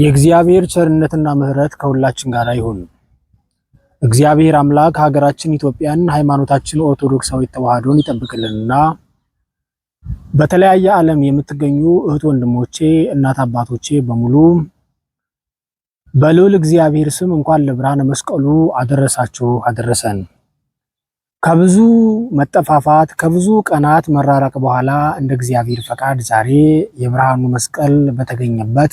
የእግዚአብሔር ቸርነትና ምሕረት ከሁላችን ጋር ይሁን። እግዚአብሔር አምላክ ሀገራችን ኢትዮጵያን ሃይማኖታችን ኦርቶዶክሳዊ ተዋህዶን ይጠብቅልንና በተለያየ ዓለም የምትገኙ እህት ወንድሞቼ፣ እናት አባቶቼ በሙሉ በልዑል እግዚአብሔር ስም እንኳን ለብርሃነ መስቀሉ አደረሳችሁ አደረሰን። ከብዙ መጠፋፋት ከብዙ ቀናት መራራቅ በኋላ እንደ እግዚአብሔር ፈቃድ ዛሬ የብርሃኑ መስቀል በተገኘበት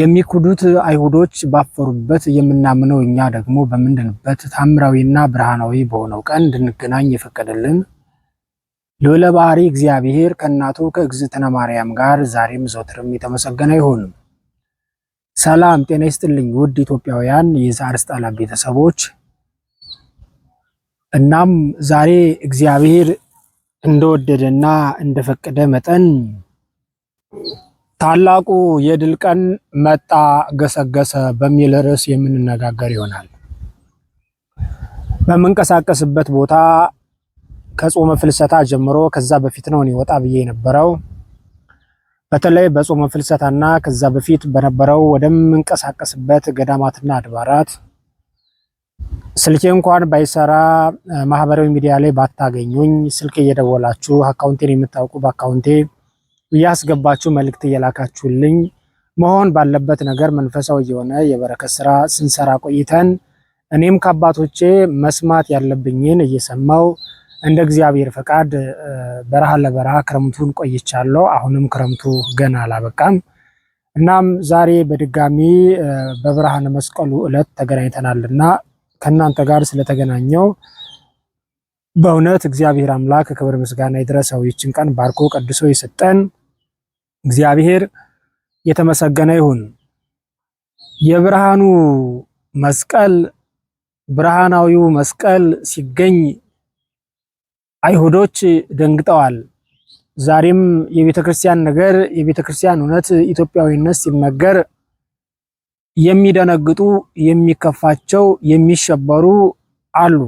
የሚክዱት አይሁዶች ባፈሩበት የምናምነው እኛ ደግሞ በምንድንበት ታምራዊና ብርሃናዊ በሆነው ቀን እንድንገናኝ የፈቀደልን ልዑለ ባህሪ እግዚአብሔር ከእናቱ ከእግዝእትነ ማርያም ጋር ዛሬም ዘወትርም የተመሰገነ ይሁን። ሰላም ጤና ይስጥልኝ ውድ ኢትዮጵያውያን የዛሪስ ጣላ ቤተሰቦች። እናም ዛሬ እግዚአብሔር እንደወደደና እንደፈቀደ መጠን ታላቁ የድል ቀን መጣ ገሰገሰ በሚል ርዕስ የምንነጋገር ይሆናል። በምንቀሳቀስበት ቦታ ከጾመ ፍልሰታ ጀምሮ ከዛ በፊት ነው እኔ ወጣ ብዬ የነበረው። በተለይ በጾመ ፍልሰታና ከዛ በፊት በነበረው ወደምንቀሳቀስበት ገዳማትና አድባራት ስልኬ እንኳን ባይሰራ ማህበራዊ ሚዲያ ላይ ባታገኙኝ ስልክ እየደወላችሁ አካውንቴን የምታውቁ በአካውንቴ እያስገባችሁ መልእክት እየላካችሁልኝ መሆን ባለበት ነገር መንፈሳዊ የሆነ የበረከት ስራ ስንሰራ ቆይተን እኔም ከአባቶቼ መስማት ያለብኝን እየሰማው እንደ እግዚአብሔር ፈቃድ በረሃ ለበረሃ ክረምቱን ቆይቻለሁ። አሁንም ክረምቱ ገና አላበቃም። እናም ዛሬ በድጋሚ በብርሃነ መስቀሉ ዕለት ተገናኝተናልና ከእናንተ ጋር ስለተገናኘው በእውነት እግዚአብሔር አምላክ ክብር ምስጋና ይድረሰው። ይችን ቀን ባርኮ ቀድሶ የሰጠን እግዚአብሔር የተመሰገነ ይሁን። የብርሃኑ መስቀል ብርሃናዊው መስቀል ሲገኝ አይሁዶች ደንግጠዋል። ዛሬም የቤተ ክርስቲያን ነገር የቤተ ክርስቲያን እውነት ኢትዮጵያዊነት ሲነገር የሚደነግጡ የሚከፋቸው፣ የሚሸበሩ አሉ።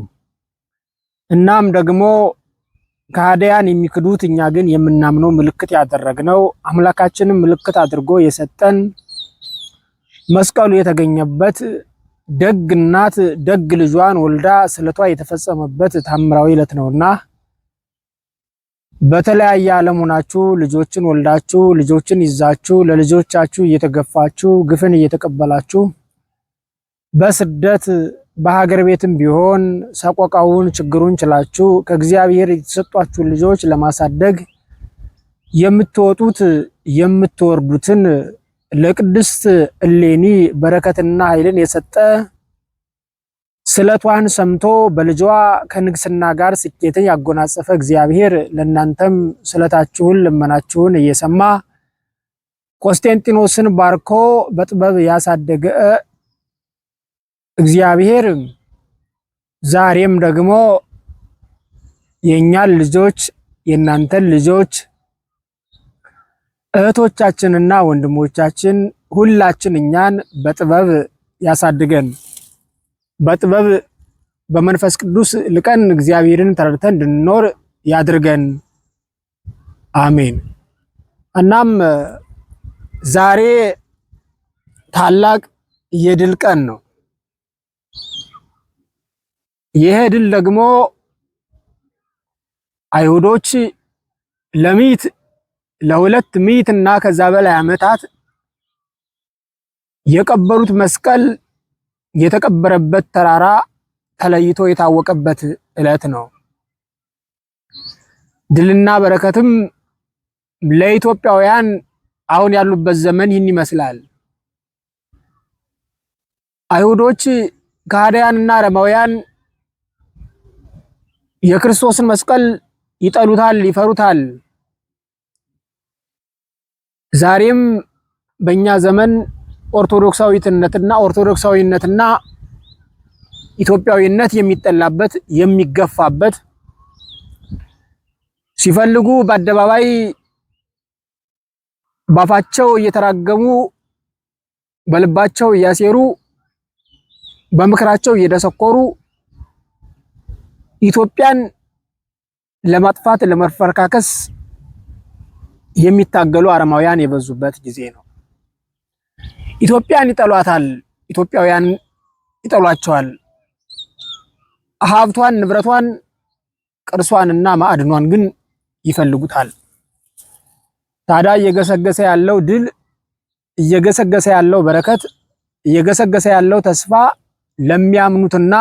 እናም ደግሞ ከሃዲያን የሚክዱት እኛ ግን የምናምነው ምልክት ያደረግነው አምላካችንም ምልክት አድርጎ የሰጠን መስቀሉ የተገኘበት ደግ እናት ደግ ልጇን ወልዳ ስለቷ የተፈጸመበት ታምራዊ ዕለት ነውና በተለያየ ዓለም ሆናችሁ ልጆችን ወልዳችሁ ልጆችን ይዛችሁ ለልጆቻችሁ እየተገፋችሁ ግፍን እየተቀበላችሁ በስደት በሀገር ቤትም ቢሆን ሰቆቃውን ችግሩን ችላችሁ ከእግዚአብሔር የተሰጧችሁን ልጆች ለማሳደግ የምትወጡት የምትወርዱትን ለቅድስት እሌኒ በረከትና ኃይልን የሰጠ ስለቷን ሰምቶ በልጇ ከንግስና ጋር ስኬትን ያጎናጸፈ እግዚአብሔር ለእናንተም ስለታችሁን ልመናችሁን እየሰማ ቆስጤንጢኖስን ባርኮ በጥበብ ያሳደገ እግዚአብሔር ዛሬም ደግሞ የእኛን ልጆች የእናንተን ልጆች እህቶቻችንና ወንድሞቻችን ሁላችን እኛን በጥበብ ያሳድገን። በጥበብ በመንፈስ ቅዱስ ልቀን እግዚአብሔርን ተረድተን እንድንኖር ያድርገን። አሜን። እናም ዛሬ ታላቅ የድል ቀን ነው። ይሄ ድል ደግሞ አይሁዶች ለሚት ለሁለት ሚት እና ከዛ በላይ ዓመታት የቀበሩት መስቀል የተቀበረበት ተራራ ተለይቶ የታወቀበት ዕለት ነው። ድልና በረከትም ለኢትዮጵያውያን አሁን ያሉበት ዘመን ይህን ይመስላል። አይሁዶች ከሃዲያንና አረማውያን የክርስቶስን መስቀል ይጠሉታል፣ ይፈሩታል። ዛሬም በእኛ ዘመን ኦርቶዶክሳዊትነትና ኦርቶዶክሳዊነትና ኢትዮጵያዊነት የሚጠላበት የሚገፋበት ሲፈልጉ በአደባባይ ባፋቸው እየተራገሙ በልባቸው እያሴሩ በምክራቸው እየደሰኮሩ ኢትዮጵያን ለማጥፋት ለመፈረካከስ የሚታገሉ አረማውያን የበዙበት ጊዜ ነው። ኢትዮጵያን ይጠሏታል፣ ኢትዮጵያውያን ይጠሏቸዋል። ሀብቷን፣ ንብረቷን፣ ቅርሷን እና ማዕድኗን ግን ይፈልጉታል። ታዲያ እየገሰገሰ ያለው ድል፣ እየገሰገሰ ያለው በረከት፣ እየገሰገሰ ያለው ተስፋ ለሚያምኑትና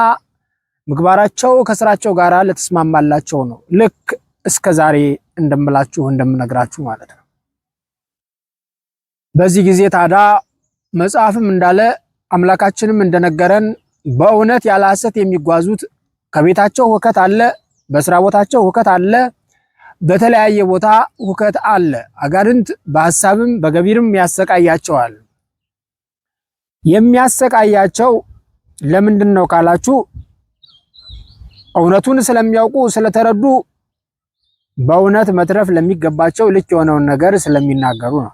ምግባራቸው ከስራቸው ጋር ለተስማማላቸው ነው። ልክ እስከ ዛሬ እንደምላችሁ እንደምነግራችሁ ማለት ነው። በዚህ ጊዜ ታዳ መጽሐፍም እንዳለ አምላካችንም እንደነገረን በእውነት ያለ ሐሰት የሚጓዙት ከቤታቸው ሁከት አለ፣ በስራ ቦታቸው ሁከት አለ፣ በተለያየ ቦታ ሁከት አለ። አጋንንት በሐሳብም በገቢርም ያሰቃያቸዋል። የሚያሰቃያቸው ለምንድን ነው ካላችሁ እውነቱን ስለሚያውቁ ስለተረዱ በእውነት መትረፍ ለሚገባቸው ልክ የሆነውን ነገር ስለሚናገሩ ነው።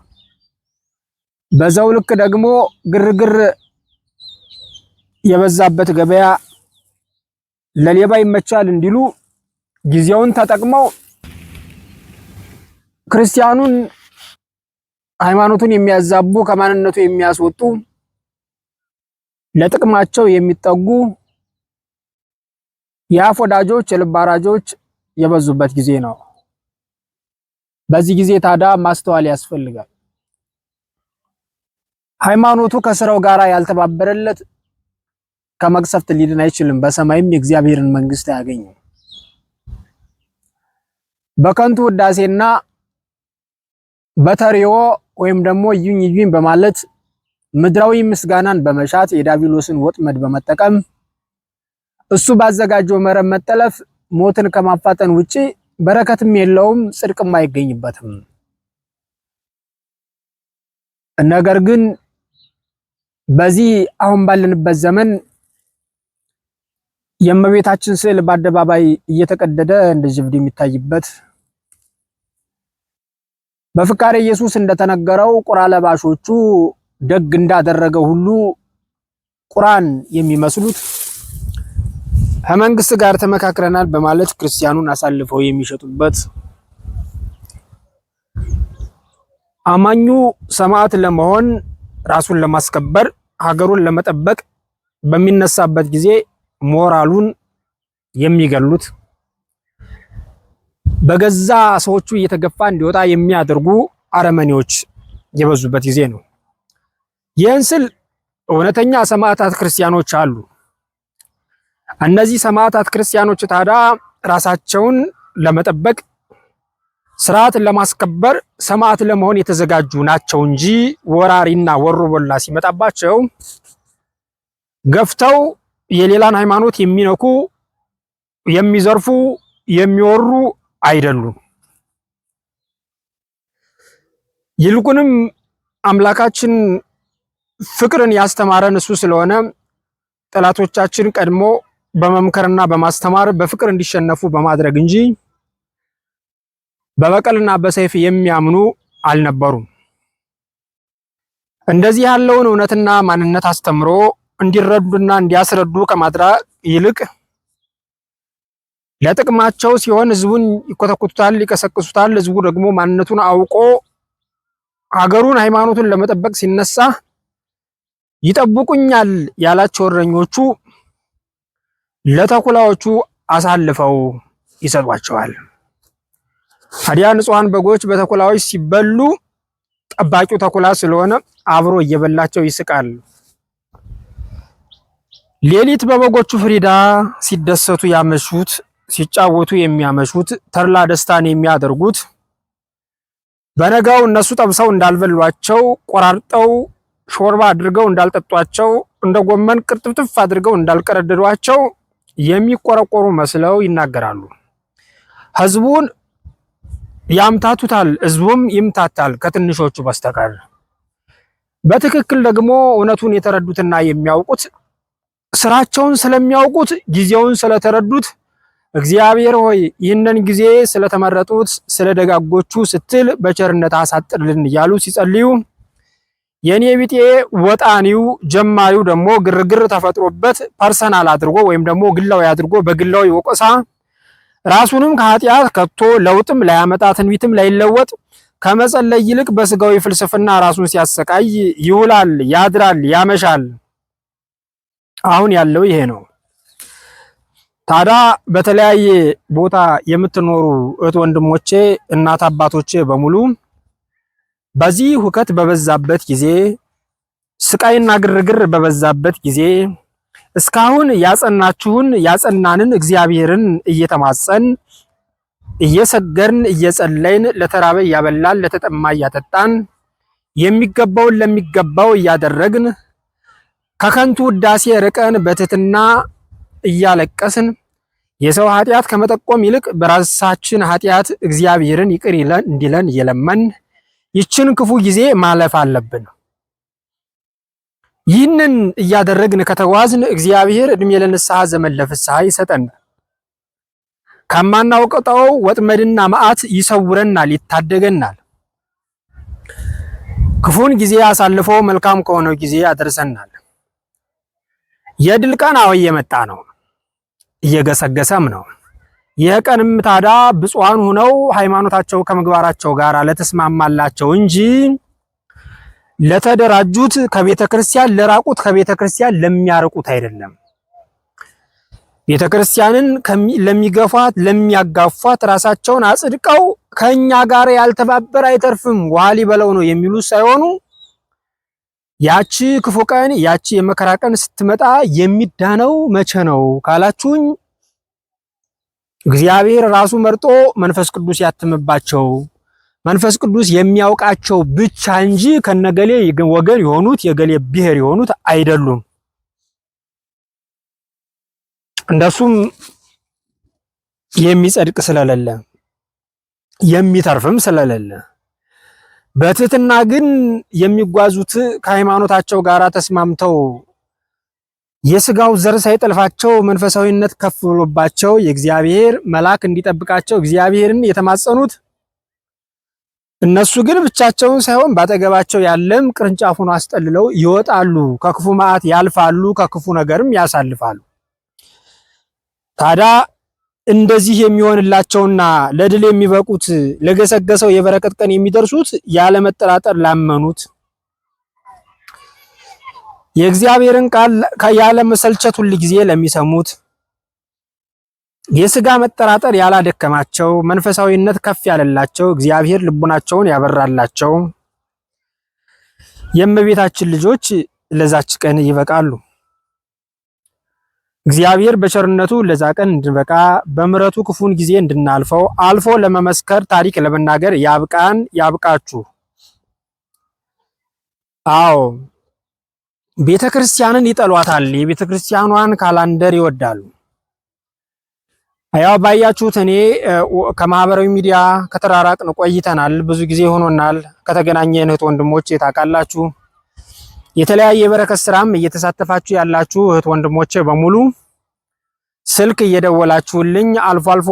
በዛው ልክ ደግሞ ግርግር የበዛበት ገበያ ለሌባ ይመቻል እንዲሉ ጊዜውን ተጠቅመው ክርስቲያኑን ሃይማኖቱን የሚያዛቡ ከማንነቱ የሚያስወጡ ለጥቅማቸው የሚጠጉ የአፍ ወዳጆች የልብ አራጆች የበዙበት ጊዜ ነው። በዚህ ጊዜ ታዲያ ማስተዋል ያስፈልጋል። ሃይማኖቱ ከስራው ጋር ያልተባበረለት ከመቅሰፍት ሊድን አይችልም፣ በሰማይም የእግዚአብሔርን መንግስት አያገኝም። በከንቱ ውዳሴና በተሪዮ ወይም ደግሞ እዩኝ እዩኝ በማለት ምድራዊ ምስጋናን በመሻት የዳቢሎስን ወጥመድ በመጠቀም እሱ ባዘጋጀው መረብ መጠለፍ ሞትን ከማፋጠን ውጪ በረከትም የለውም፣ ጽድቅም አይገኝበትም። ነገር ግን በዚህ አሁን ባለንበት ዘመን የእመቤታችን ስዕል በአደባባይ እየተቀደደ እንደ ጀብድ የሚታይበት በፍካሬ ኢየሱስ እንደተነገረው ቁራ ለባሾቹ ደግ እንዳደረገ ሁሉ ቁራን የሚመስሉት ከመንግስት ጋር ተመካክረናል በማለት ክርስቲያኑን አሳልፈው የሚሸጡበት አማኙ ሰማዕት ለመሆን ራሱን ለማስከበር ሀገሩን ለመጠበቅ በሚነሳበት ጊዜ ሞራሉን የሚገሉት በገዛ ሰዎቹ እየተገፋ እንዲወጣ የሚያደርጉ አረመኔዎች የበዙበት ጊዜ ነው። ይህን ስል እውነተኛ ሰማዕታት ክርስቲያኖች አሉ። እነዚህ ሰማዕታት ክርስቲያኖች ታዲያ ራሳቸውን ለመጠበቅ ስርዓትን ለማስከበር ሰማዕት ለመሆን የተዘጋጁ ናቸው እንጂ ወራሪና ወሮበላ ሲመጣባቸው ገፍተው የሌላን ሃይማኖት የሚነኩ የሚዘርፉ የሚወሩ አይደሉም። ይልቁንም አምላካችን ፍቅርን ያስተማረን እሱ ስለሆነ ጠላቶቻችን ቀድሞ በመምከርና በማስተማር በፍቅር እንዲሸነፉ በማድረግ እንጂ በበቀልና በሰይፍ የሚያምኑ አልነበሩም። እንደዚህ ያለውን እውነትና ማንነት አስተምሮ እንዲረዱና እንዲያስረዱ ከማድረግ ይልቅ ለጥቅማቸው ሲሆን ህዝቡን ይኮተኩቱታል፣ ይቀሰቅሱታል። ህዝቡ ደግሞ ማንነቱን አውቆ ሀገሩን፣ ሃይማኖቱን ለመጠበቅ ሲነሳ ይጠብቁኛል ያላቸው እረኞቹ ለተኩላዎቹ አሳልፈው ይሰጧቸዋል። ታዲያ ንጹሐን በጎች በተኩላዎች ሲበሉ ጠባቂው ተኩላ ስለሆነ አብሮ እየበላቸው ይስቃል። ሌሊት በበጎቹ ፍሪዳ ሲደሰቱ ያመሹት፣ ሲጫወቱ የሚያመሹት፣ ተድላ ደስታን የሚያደርጉት በነጋው እነሱ ጠብሰው እንዳልበሏቸው ቆራርጠው ሾርባ አድርገው እንዳልጠጧቸው እንደ ጎመን ቅርጥፍጥፍ አድርገው እንዳልቀረደዷቸው የሚቆረቆሩ መስለው ይናገራሉ። ህዝቡን ያምታቱታል፣ ህዝቡም ይምታታል ከትንሾቹ በስተቀር። በትክክል ደግሞ እውነቱን የተረዱትና የሚያውቁት ስራቸውን ስለሚያውቁት ጊዜውን ስለተረዱት እግዚአብሔር ሆይ ይህንን ጊዜ ስለተመረጡት ስለ ደጋጎቹ ስትል በቸርነት አሳጥርልን እያሉ ሲጸልዩ የኔ ቢጤ ወጣኒው ጀማሪው ደግሞ ግርግር ተፈጥሮበት ፐርሰናል አድርጎ ወይም ደግሞ ግላዊ አድርጎ በግላዊ ወቀሳ ራሱንም ከኃጢአት ከቶ ለውጥም ላያመጣ ትንቢትም ላይለወጥ ከመጸለይ ይልቅ በስጋዊ ፍልስፍና ራሱን ሲያሰቃይ ይውላል፣ ያድራል፣ ያመሻል። አሁን ያለው ይሄ ነው። ታዲያ በተለያየ ቦታ የምትኖሩ እህት ወንድሞቼ፣ እናት አባቶቼ በሙሉ በዚህ ሁከት በበዛበት ጊዜ ስቃይና ግርግር በበዛበት ጊዜ እስካሁን ያጸናችሁን ያጸናንን እግዚአብሔርን እየተማጸን እየሰገርን እየጸለይን ለተራበ እያበላን ለተጠማ እያጠጣን የሚገባውን ለሚገባው እያደረግን ከከንቱ ውዳሴ ርቀን በትህትና እያለቀስን የሰው ኃጢአት ከመጠቆም ይልቅ በራሳችን ኃጢአት እግዚአብሔርን ይቅር እንዲለን እየለመን ይችን ክፉ ጊዜ ማለፍ አለብን። ይህንን እያደረግን ከተጓዝን እግዚአብሔር እድሜ ለንስሐ ዘመን ለፍስሐ ይሰጠን ከማናውቀው ወጥመድና መዓት ይሰውረናል፣ ይታደገናል። ክፉን ጊዜ አሳልፎ መልካም ከሆነው ጊዜ ያደርሰናል። የድል ቀን እየመጣ ነው፣ እየገሰገሰም ነው። የቀንም ታዳ ብፁዓን ሆነው ሃይማኖታቸው ከምግባራቸው ጋር ለተስማማላቸው እንጂ ለተደራጁት ከቤተ ክርስቲያን ለራቁት ከቤተ ክርስቲያን ለሚያርቁት አይደለም። ቤተ ክርስቲያንን ለሚገፏት ለሚያጋፏት ራሳቸውን አጽድቀው ከኛ ጋር ያልተባበረ አይተርፍም ውሃ ሊበለው ነው የሚሉ ሳይሆኑ ያቺ ክፉ ቀን ያቺ የመከራ ቀን ስትመጣ የሚዳነው መቼ ነው ካላችሁኝ እግዚአብሔር ራሱ መርጦ መንፈስ ቅዱስ ያትምባቸው መንፈስ ቅዱስ የሚያውቃቸው ብቻ እንጂ ከነገሌ ወገን የሆኑት የገሌ ብሔር የሆኑት አይደሉም። እንደሱም የሚጸድቅ ስለሌለ የሚተርፍም ስለሌለ በትህትና ግን የሚጓዙት ከሃይማኖታቸው ጋር ተስማምተው የስጋው ዘር ሳይጠልፋቸው መንፈሳዊነት ከፍ ብሎባቸው የእግዚአብሔር መልአክ እንዲጠብቃቸው እግዚአብሔርን የተማጸኑት እነሱ ግን ብቻቸውን ሳይሆን ባጠገባቸው ያለም ቅርንጫፉን አስጠልለው ይወጣሉ፣ ከክፉ መዓት ያልፋሉ፣ ከክፉ ነገርም ያሳልፋሉ። ታዲያ እንደዚህ የሚሆንላቸውና ለድል የሚበቁት ለገሰገሰው የበረከት ቀን የሚደርሱት ያለመጠራጠር ላመኑት የእግዚአብሔርን ቃል ያለ መሰልቸት ሁል ጊዜ ለሚሰሙት የስጋ መጠራጠር ያላደከማቸው መንፈሳዊነት ከፍ ያለላቸው እግዚአብሔር ልቡናቸውን ያበራላቸው የእመቤታችን ልጆች ለዛች ቀን ይበቃሉ። እግዚአብሔር በቸርነቱ ለዛ ቀን እንድንበቃ በምሕረቱ ክፉን ጊዜ እንድናልፈው አልፎ ለመመስከር ታሪክ ለመናገር ያብቃን፣ ያብቃችሁ። አዎ ቤተ ክርስቲያንን ይጠሏታል፣ የቤተ ክርስቲያኗን ካላንደር ይወዳሉ። ያው ባያችሁት እኔ ከማህበራዊ ሚዲያ ከተራራቅን ቆይተናል፣ ብዙ ጊዜ ሆኖናል። ከተገናኘን እህት ወንድሞቼ ታውቃላችሁ፣ የተለያየ የበረከት ስራም እየተሳተፋችሁ ያላችሁ እህት ወንድሞቼ በሙሉ ስልክ እየደወላችሁልኝ አልፎ አልፎ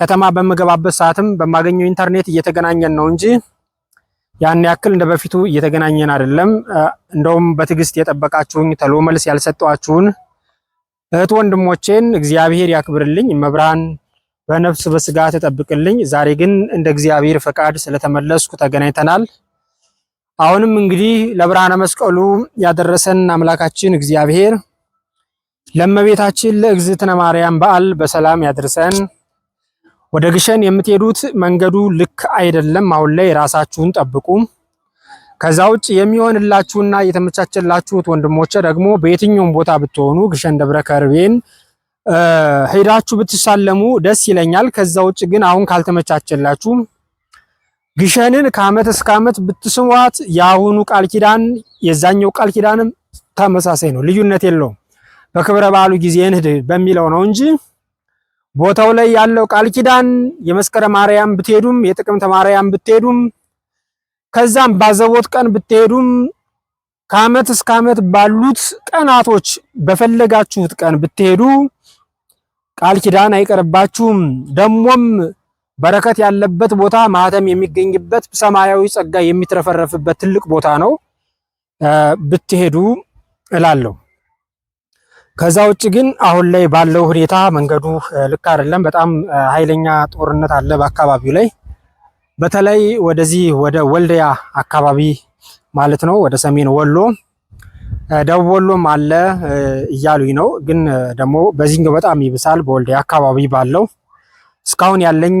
ከተማ በምገባበት ሰዓትም በማገኘው ኢንተርኔት እየተገናኘን ነው እንጂ ያን ያክል እንደ በፊቱ እየተገናኘን አይደለም። እንደውም በትዕግስት የጠበቃችሁኝ ተሎ መልስ ያልሰጠኋችሁን እህት ወንድሞቼን እግዚአብሔር ያክብርልኝ፣ መብርሃን በነፍስ በስጋ ተጠብቅልኝ። ዛሬ ግን እንደ እግዚአብሔር ፈቃድ ስለተመለስኩ ተገናኝተናል። አሁንም እንግዲህ ለብርሃነ መስቀሉ ያደረሰን አምላካችን እግዚአብሔር ለእመቤታችን ለእግዝእትነ ማርያም በዓል በሰላም ያደርሰን። ወደ ግሸን የምትሄዱት መንገዱ ልክ አይደለም። አሁን ላይ ራሳችሁን ጠብቁ። ከዛ ውጭ የሚሆንላችሁና የተመቻቸላችሁት ወንድሞቼ ደግሞ በየትኛውም ቦታ ብትሆኑ ግሸን ደብረ ከርቤን ሄዳችሁ ብትሳለሙ ደስ ይለኛል። ከዛ ውጭ ግን አሁን ካልተመቻቸላችሁ ግሸንን ከአመት እስከ ዓመት ብትስሟት የአሁኑ ቃል ኪዳን የዛኛው ቃል ኪዳንም ተመሳሳይ ነው፣ ልዩነት የለውም። በክብረ በዓሉ ጊዜ እንሂድ በሚለው ነው እንጂ ቦታው ላይ ያለው ቃል ኪዳን የመስከረም ማርያም ብትሄዱም የጥቅምተ ማርያም ብትሄዱም ከዛም ባዘቦት ቀን ብትሄዱም ከአመት እስከ አመት ባሉት ቀናቶች በፈለጋችሁት ቀን ብትሄዱ ቃል ኪዳን አይቀርባችሁም። ደሞም በረከት ያለበት ቦታ ማህተም የሚገኝበት ሰማያዊ ጸጋ የሚትረፈረፍበት ትልቅ ቦታ ነው ብትሄዱ እላለሁ። ከዛ ውጭ ግን አሁን ላይ ባለው ሁኔታ መንገዱ ልክ አይደለም። በጣም ኃይለኛ ጦርነት አለ በአካባቢው ላይ በተለይ ወደዚህ ወደ ወልደያ አካባቢ ማለት ነው፣ ወደ ሰሜን ወሎ ደቡብ ወሎም አለ እያሉኝ ነው። ግን ደግሞ በዚህኛው በጣም ይብሳል። በወልደያ አካባቢ ባለው እስካሁን ያለኝ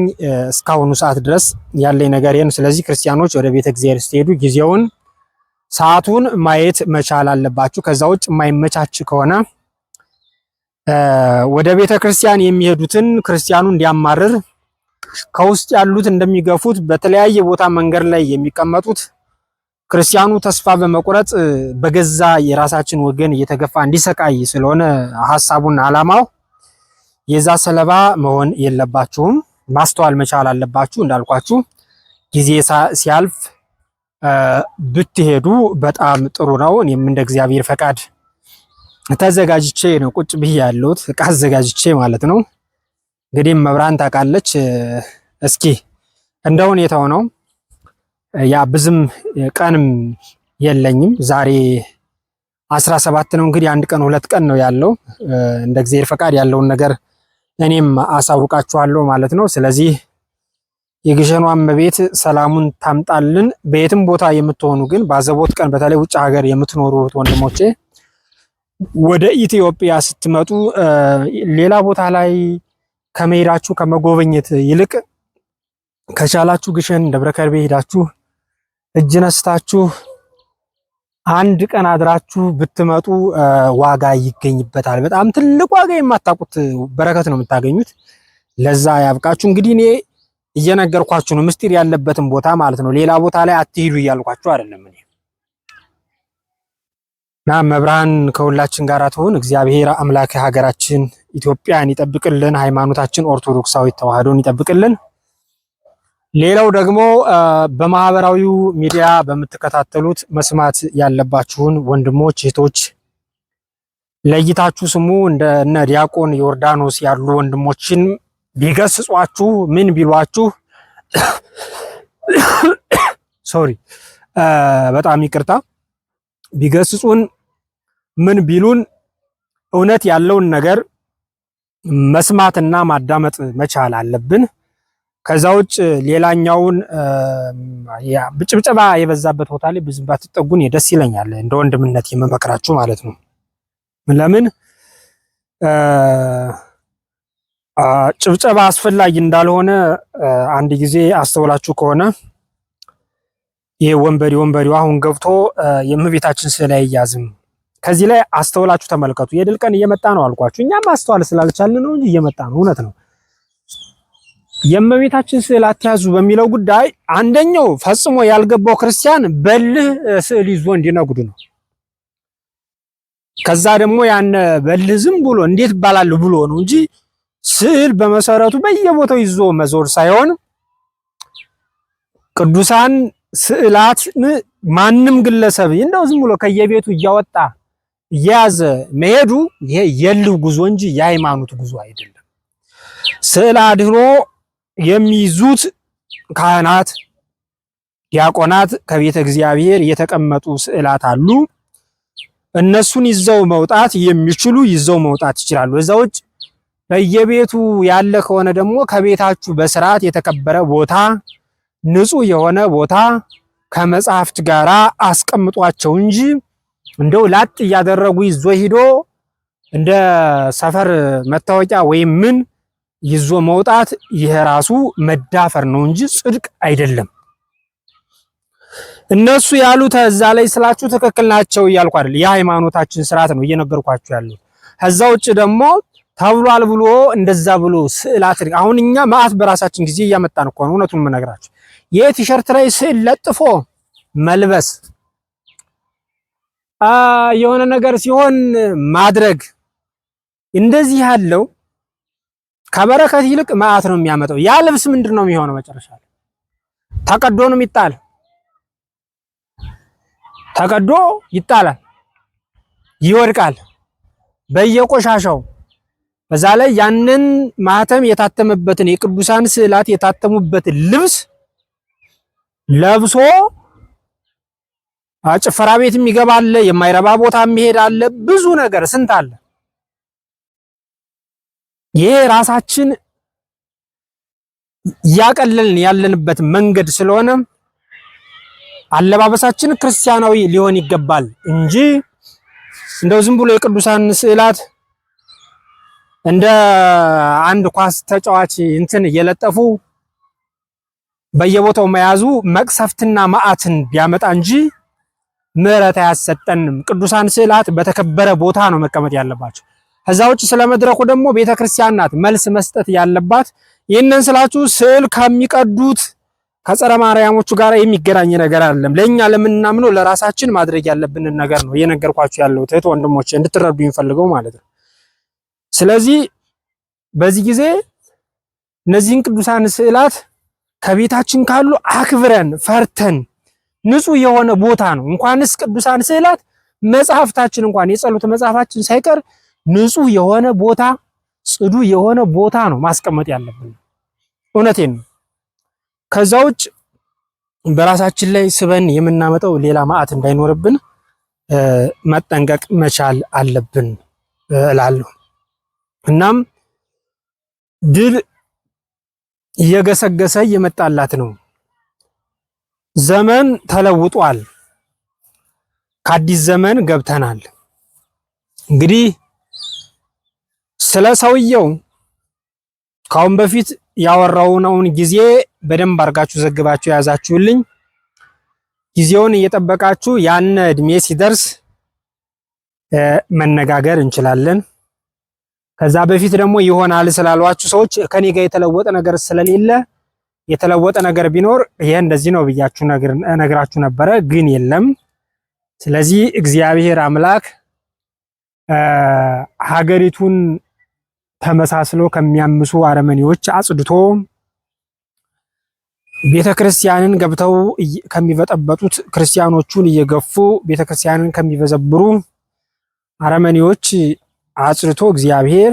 እስካሁኑ ሰዓት ድረስ ያለኝ ነገር ይህን። ስለዚህ ክርስቲያኖች ወደ ቤተ እግዚአብሔር ስትሄዱ ጊዜውን ሰዓቱን ማየት መቻል አለባችሁ። ከዛ ውጭ የማይመቻች ከሆነ ወደ ቤተ ክርስቲያን የሚሄዱትን ክርስቲያኑ እንዲያማርር ከውስጥ ያሉት እንደሚገፉት በተለያየ ቦታ መንገድ ላይ የሚቀመጡት ክርስቲያኑ ተስፋ በመቁረጥ በገዛ የራሳችን ወገን እየተገፋ እንዲሰቃይ ስለሆነ ሀሳቡና ዓላማው የዛ ሰለባ መሆን የለባችሁም። ማስተዋል መቻል አለባችሁ። እንዳልኳችሁ ጊዜ ሲያልፍ ብትሄዱ በጣም ጥሩ ነው። እኔም እንደ እግዚአብሔር ፈቃድ ተዘጋጅቼ ነው ቁጭ ብዬ ያለሁት እቃ አዘጋጅቼ ማለት ነው። እንግዲህ መብራን ታውቃለች። እስኪ እንደ ሁኔታው ነው። ያ ብዙም ቀንም የለኝም። ዛሬ አስራ ሰባት ነው እንግዲህ አንድ ቀን ሁለት ቀን ነው ያለው። እንደ እግዚአብሔር ፈቃድ ያለውን ነገር እኔም አሳውቃችኋለሁ ማለት ነው። ስለዚህ የግሸኗ እመቤት ሰላሙን ታምጣልን። በየትም ቦታ የምትሆኑ ግን ባዘቦት ቀን በተለይ ውጭ ሀገር የምትኖሩት ወንድሞቼ ወደ ኢትዮጵያ ስትመጡ ሌላ ቦታ ላይ ከመሄዳችሁ ከመጎበኘት ይልቅ ከቻላችሁ ግሸን ደብረ ከርቤ ሄዳችሁ እጅ ነስታችሁ አንድ ቀን አድራችሁ ብትመጡ ዋጋ ይገኝበታል። በጣም ትልቅ ዋጋ የማታውቁት በረከት ነው የምታገኙት። ለዛ ያብቃችሁ። እንግዲህ እኔ እየነገርኳችሁ ነው ምስጢር ያለበትን ቦታ ማለት ነው። ሌላ ቦታ ላይ አትሂዱ እያልኳችሁ አይደለም እኔ እና መብርሃን ከሁላችን ጋር ትሆን። እግዚአብሔር አምላክ ሀገራችን ኢትዮጵያን ይጠብቅልን። ሃይማኖታችን ኦርቶዶክሳዊ ተዋህዶን ይጠብቅልን። ሌላው ደግሞ በማህበራዊው ሚዲያ በምትከታተሉት መስማት ያለባችሁን ወንድሞች እህቶች ለይታችሁ ስሙ። እንደነ ዲያቆን ዮርዳኖስ ያሉ ወንድሞችን ቢገስጿችሁ ምን ቢሏችሁ፣ ሶሪ በጣም ይቅርታ ቢገስጹን ምን ቢሉን እውነት ያለውን ነገር መስማትና ማዳመጥ መቻል አለብን። ከዛ ውጭ ሌላኛውን ጭብጨባ የበዛበት ቦታ ላይ ብዙም ባትጠጉን ደስ ይለኛል። እንደ ወንድምነት የምመክራችሁ ማለት ነው። ለምን ጭብጨባ አስፈላጊ እንዳልሆነ አንድ ጊዜ አስተውላችሁ ከሆነ ይሄ ወንበዴ ወንበዴው አሁን ገብቶ የእመቤታችን ስዕል አይያዝም ከዚህ ላይ አስተውላችሁ ተመልከቱ። የድል ቀን እየመጣ ነው አልኳችሁ። እኛም ማስተዋል ስላልቻልን ነው እንጂ እየመጣ ነው። እውነት ነው። የእመቤታችን ስዕል አትያዙ በሚለው ጉዳይ አንደኛው ፈጽሞ ያልገባው ክርስቲያን በልህ ስዕል ይዞ እንዲነጉድ ነው። ከዛ ደግሞ ያነ በልህ ዝም ብሎ እንዴት ይባላል ብሎ ነው እንጂ ስዕል በመሰረቱ በየቦታው ይዞ መዞር ሳይሆን ቅዱሳን ስዕላትን ማንም ግለሰብ እንደው ዝም ብሎ ከየቤቱ እያወጣ እየያዘ መሄዱ ይሄ የልብ ጉዞ እንጂ የሃይማኖት ጉዞ አይደለም። ስዕል አድህኖ የሚይዙት ካህናት፣ ዲያቆናት ከቤተ እግዚአብሔር የተቀመጡ ስዕላት አሉ። እነሱን ይዘው መውጣት የሚችሉ ይዘው መውጣት ይችላሉ። እዛ ውጭ በየቤቱ ያለ ከሆነ ደግሞ ከቤታችሁ በስርዓት የተከበረ ቦታ፣ ንጹህ የሆነ ቦታ ከመጽሐፍት ጋራ አስቀምጧቸው እንጂ እንደው ላጥ እያደረጉ ይዞ ሂዶ እንደ ሰፈር መታወቂያ ወይም ምን ይዞ መውጣት ይሄ ራሱ መዳፈር ነው እንጂ ጽድቅ አይደለም። እነሱ ያሉት እዛ ላይ ስላችሁ ትክክል ናቸው እያልኩ አይደል። የሃይማኖታችን ስርዓት ነው እየነገርኳችሁ ያለው። ከዛ ውጭ ደግሞ ተብሏል ብሎ እንደዛ ብሎ ስዕላት አሁን እኛ በራሳችን ጊዜ እያመጣን እኮ ነው። እውነቱን የምነግራችሁ ይሄ ቲሸርት ላይ ስዕል ለጥፎ መልበስ የሆነ ነገር ሲሆን ማድረግ እንደዚህ ያለው ከበረከት ይልቅ መዓት ነው የሚያመጣው። ያ ልብስ ምንድን ነው የሚሆነው? መጨረሻ ተቀዶንም ተቀዶ ነው ይጣል ተቀዶ ይጣላል፣ ይወድቃል በየቆሻሻው። በዛ ላይ ያንን ማህተም የታተመበትን የቅዱሳን ስዕላት የታተሙበትን ልብስ ለብሶ ጭፈራ ቤት የሚገባ አለ፣ የማይረባ ቦታ የሚሄድ አለ፣ ብዙ ነገር ስንት አለ። ይሄ ራሳችን እያቀለልን ያለንበት መንገድ ስለሆነ አለባበሳችን ክርስቲያናዊ ሊሆን ይገባል እንጂ እንደው ዝም ብሎ የቅዱሳን ስዕላት እንደ አንድ ኳስ ተጫዋች እንትን እየለጠፉ በየቦታው መያዙ መቅሰፍትና ማዕትን ቢያመጣ እንጂ ምህረት አያሰጠንም። ቅዱሳን ስዕላት በተከበረ ቦታ ነው መቀመጥ ያለባቸው። ከዛ ውጭ ስለ መድረኩ ደግሞ ቤተክርስቲያን ናት መልስ መስጠት ያለባት። ይህንን ስላችሁ ስዕል ከሚቀዱት ከጸረ ማርያሞቹ ጋር የሚገናኝ ነገር አይደለም። ለእኛ ለምናምነው ለራሳችን ማድረግ ያለብንን ነገር ነው እየነገርኳችሁ ያለው እህት ወንድሞች፣ እንድትረዱ የሚፈልገው ማለት ነው። ስለዚህ በዚህ ጊዜ እነዚህን ቅዱሳን ስዕላት ከቤታችን ካሉ አክብረን ፈርተን ንጹህ የሆነ ቦታ ነው። እንኳንስ ቅዱሳን ስዕላት መጽሐፍታችን እንኳን የጸሎት መጽሐፋችን ሳይቀር ንጹህ የሆነ ቦታ ጽዱ የሆነ ቦታ ነው ማስቀመጥ ያለብን። እውነቴን ነው። ከዛ ውጭ በራሳችን ላይ ስበን የምናመጣው ሌላ ማዕት እንዳይኖርብን መጠንቀቅ መቻል አለብን እላለሁ። እናም ድል እየገሰገሰ እየመጣላት ነው። ዘመን ተለውጧል። ከአዲስ ዘመን ገብተናል። እንግዲህ ስለ ሰውየው ካሁን በፊት ያወራውነውን ጊዜ በደንብ አድርጋችሁ ዘግባችሁ የያዛችሁልኝ ጊዜውን እየጠበቃችሁ ያነ እድሜ ሲደርስ መነጋገር እንችላለን። ከዛ በፊት ደግሞ ይሆናል ስላሏችሁ ሰዎች ከኔ ጋር የተለወጠ ነገር ስለሌለ የተለወጠ ነገር ቢኖር ይሄ እንደዚህ ነው ብያችሁ ነግራችሁ ነበረ፣ ግን የለም። ስለዚህ እግዚአብሔር አምላክ ሀገሪቱን ተመሳስሎ ከሚያምሱ አረመኔዎች አጽድቶ ቤተ ክርስቲያንን ገብተው ከሚበጠበጡት ክርስቲያኖቹን እየገፉ ቤተ ክርስቲያንን ከሚበዘብሩ አረመኔዎች አጽድቶ እግዚአብሔር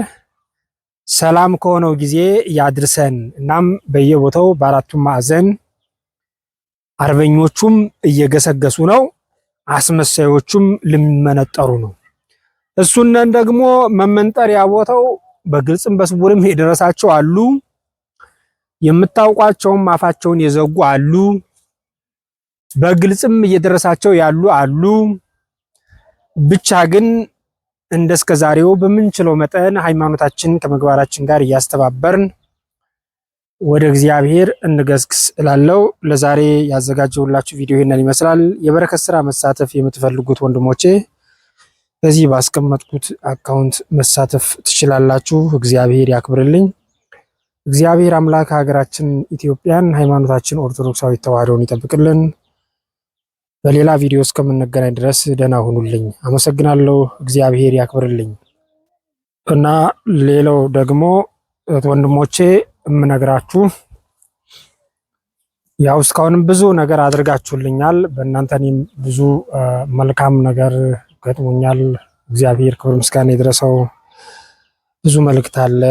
ሰላም ከሆነው ጊዜ ያድርሰን። እናም በየቦታው በአራቱም ማዕዘን አርበኞቹም እየገሰገሱ ነው፣ አስመሳዮቹም ልመነጠሩ ነው። እሱነን ደግሞ መመንጠሪያ ቦታው በግልጽም በስውርም የደረሳቸው አሉ፣ የምታውቋቸውም አፋቸውን የዘጉ አሉ፣ በግልጽም እየደረሳቸው ያሉ አሉ። ብቻ ግን እንደ እስከ ዛሬው በምንችለው መጠን ሃይማኖታችን ከምግባራችን ጋር እያስተባበርን ወደ እግዚአብሔር እንገስግስ እላለው። ለዛሬ ያዘጋጀሁላችሁ ቪዲዮ ይሄንን ይመስላል። የበረከት ስራ መሳተፍ የምትፈልጉት ወንድሞቼ በዚህ ባስቀመጥኩት አካውንት መሳተፍ ትችላላችሁ። እግዚአብሔር ያክብርልኝ። እግዚአብሔር አምላክ ሀገራችን ኢትዮጵያን ሃይማኖታችን ኦርቶዶክሳዊ ተዋህዶን ይጠብቅልን። በሌላ ቪዲዮ እስከምንገናኝ ድረስ ደህና ሁኑልኝ። አመሰግናለሁ። እግዚአብሔር ያክብርልኝ። እና ሌላው ደግሞ ወንድሞቼ የምነግራችሁ ያው እስካሁንም ብዙ ነገር አድርጋችሁልኛል። በእናንተ እኔም ብዙ መልካም ነገር ገጥሞኛል። እግዚአብሔር ክብር ምስጋና የደረሰው ብዙ መልእክት አለ።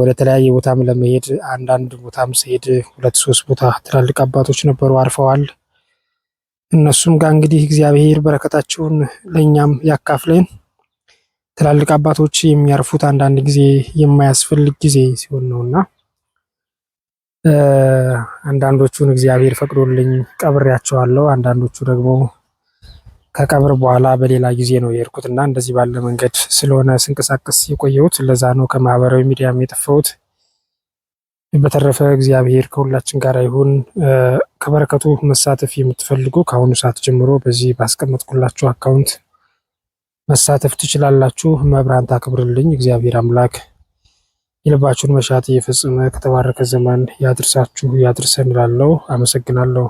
ወደ ተለያየ ቦታም ለመሄድ አንዳንድ ቦታም ስሄድ ሁለት ሶስት ቦታ ትላልቅ አባቶች ነበሩ አርፈዋል። እነሱም ጋር እንግዲህ እግዚአብሔር በረከታቸውን ለእኛም ያካፍለን። ትላልቅ አባቶች የሚያርፉት አንዳንድ ጊዜ የማያስፈልግ ጊዜ ሲሆን ነውና አንዳንዶቹን እግዚአብሔር ፈቅዶልኝ ቀብሬያቸዋለሁ። አንዳንዶቹ ደግሞ ከቀብር በኋላ በሌላ ጊዜ ነው የሄድኩት እና እንደዚህ ባለ መንገድ ስለሆነ ስንቀሳቀስ የቆየሁት ለዛ ነው ከማህበራዊ ሚዲያም የጠፋሁት። በተረፈ እግዚአብሔር ከሁላችን ጋር ይሁን። ከበረከቱ መሳተፍ የምትፈልጉ ከአሁኑ ሰዓት ጀምሮ በዚህ ባስቀመጥኩላችሁ አካውንት መሳተፍ ትችላላችሁ። መብራን ታክብርልኝ። እግዚአብሔር አምላክ የልባችሁን መሻት እየፈጸመ ከተባረከ ዘመን ያድርሳችሁ ያድርሰን እላለሁ። አመሰግናለሁ።